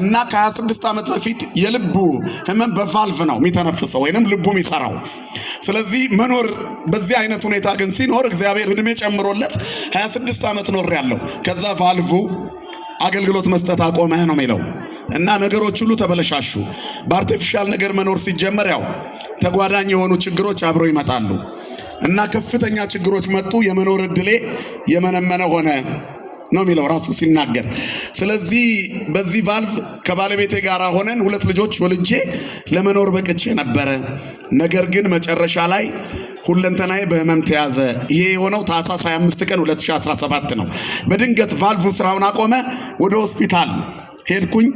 እና ከ26 ዓመት በፊት የልቡ ህመም በቫልቭ ነው የሚተነፍሰው ወይንም ልቡ የሚሰራው። ስለዚህ መኖር በዚህ አይነት ሁኔታ ግን ሲኖር እግዚአብሔር እድሜ ጨምሮለት 26 ዓመት ኖር ያለው ከዛ ቫልቭ አገልግሎት መስጠት አቆመ ነው የሚለው እና ነገሮች ሁሉ ተበለሻሹ። በአርቲፊሻል ነገር መኖር ሲጀመር ያው ተጓዳኝ የሆኑ ችግሮች አብረው ይመጣሉ እና ከፍተኛ ችግሮች መጡ። የመኖር እድሌ የመነመነ ሆነ። ነው የሚለው ራሱ ሲናገር። ስለዚህ በዚህ ቫልቭ ከባለቤቴ ጋር ሆነን ሁለት ልጆች ወልጄ ለመኖር በቅቼ ነበረ። ነገር ግን መጨረሻ ላይ ሁለንተናዬ በህመም ተያዘ። ይሄ የሆነው ታህሳስ 25 ቀን 2017 ነው። በድንገት ቫልቭ ስራውን አቆመ። ወደ ሆስፒታል ሄድኩኝ።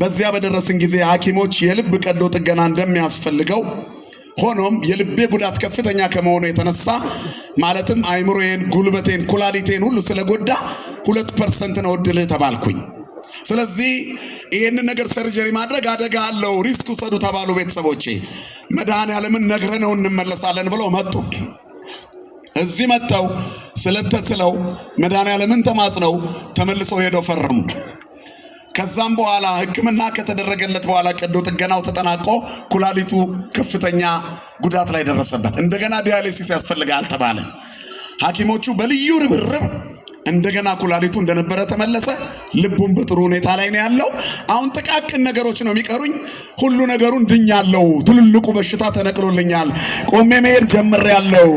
በዚያ በደረስን ጊዜ ሐኪሞች የልብ ቀዶ ጥገና እንደሚያስፈልገው ሆኖም የልቤ ጉዳት ከፍተኛ ከመሆኑ የተነሳ ማለትም አይምሮዬን፣ ጉልበቴን፣ ኩላሊቴን ሁሉ ስለጎዳ ሁለት ፐርሰንት ነው እድልህ ተባልኩኝ። ስለዚህ ይህንን ነገር ሰርጀሪ ማድረግ አደጋ አለው፣ ሪስክ ውሰዱ ተባሉ። ቤተሰቦቼ መድኃኔዓለምን ነግረነው እንመለሳለን ብለው መጡ። እዚህ መጥተው ስለተስለው መድኃኔዓለምን ተማጽነው ተመልሰው ሄደው ፈርሙ። ከዛም በኋላ ሕክምና ከተደረገለት በኋላ ቀዶ ጥገናው ተጠናቆ ኩላሊቱ ከፍተኛ ጉዳት ላይ ደረሰበት። እንደገና ዲያሊሲስ ያስፈልጋል ተባለ። ሐኪሞቹ በልዩ ርብርብ እንደገና ኩላሊቱ እንደነበረ ተመለሰ። ልቡን በጥሩ ሁኔታ ላይ ነው ያለው። አሁን ጥቃቅን ነገሮች ነው የሚቀሩኝ። ሁሉ ነገሩን ድኛለው። ትልልቁ በሽታ ተነቅሎልኛል። ቆሜ መሄድ ጀምሬያለው።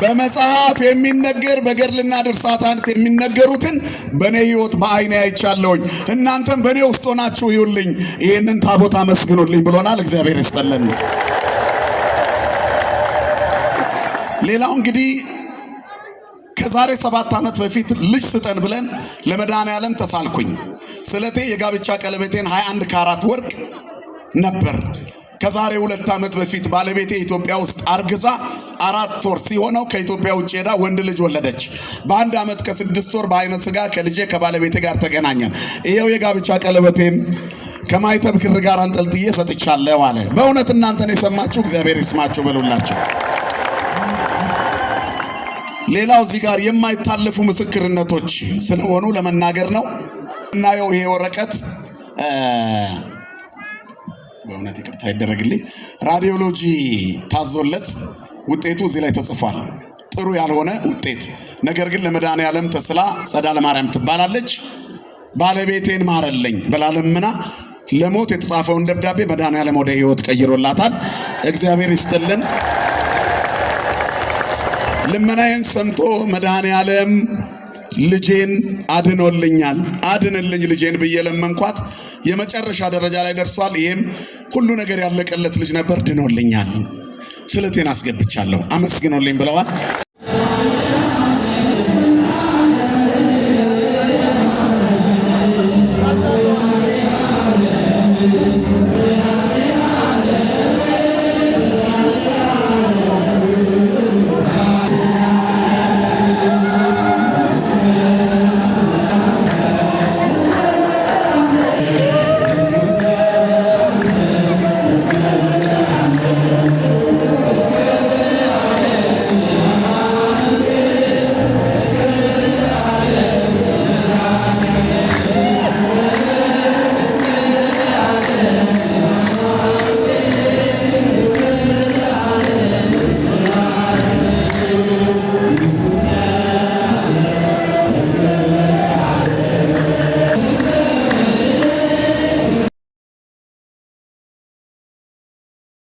በመጽሐፍ የሚነገር በገድልና ድርሳታት የሚነገሩትን በእኔ ህይወት በአይኔ አይቻለሁኝ። እናንተም በእኔ ውስጥ ሆናችሁ ይሁልኝ፣ ይህንን ታቦት አመስግኑልኝ ብሎናል። እግዚአብሔር ይስጠልን። ሌላው እንግዲህ ከዛሬ ሰባት ዓመት በፊት ልጅ ስጠን ብለን ለመድኃኔ ዓለም ተሳልኩኝ። ስለቴ የጋብቻ ቀለበቴን 21 ካራት ወርቅ ነበር። ከዛሬ ሁለት ዓመት በፊት ባለቤቴ ኢትዮጵያ ውስጥ አርግዛ አራት ወር ሲሆነው ከኢትዮጵያ ውጭ ሄዳ ወንድ ልጅ ወለደች። በአንድ ዓመት ከስድስት ወር በአይነ ስጋ ከልጄ ከባለቤቴ ጋር ተገናኘን። ይኸው የጋብቻ ቀለበቴን ከማይተብ ክር ጋር አንጠልጥዬ ሰጥቻለሁ አለ። በእውነት እናንተን የሰማችሁ እግዚአብሔር ይስማችሁ በሉላቸው። ሌላው እዚህ ጋር የማይታለፉ ምስክርነቶች ስለሆኑ ለመናገር ነው። እናየው ይሄ ወረቀት በእውነት ይቅርታ ይደረግልኝ። ራዲዮሎጂ ታዞለት ውጤቱ እዚህ ላይ ተጽፏል። ጥሩ ያልሆነ ውጤት ነገር ግን ለመድኃኔ ዓለም ተስላ ጸዳለ ማርያም ትባላለች። ባለቤቴን ማረለኝ በላለምና ለሞት የተጻፈውን ደብዳቤ መድኃኔ ዓለም ወደ ሕይወት ቀይሮላታል። እግዚአብሔር ይስጥልን። ልመናዬን ሰምቶ መድኃኔ ዓለም ልጄን አድኖልኛል፣ አድንልኝ ልጄን ብዬ ለመንኳት። የመጨረሻ ደረጃ ላይ ደርሷል። ይህም ሁሉ ነገር ያለቀለት ልጅ ነበር፣ ድኖልኛል፣ ስለቴን አስገብቻለሁ፣ አመስግኖልኝ ብለዋል።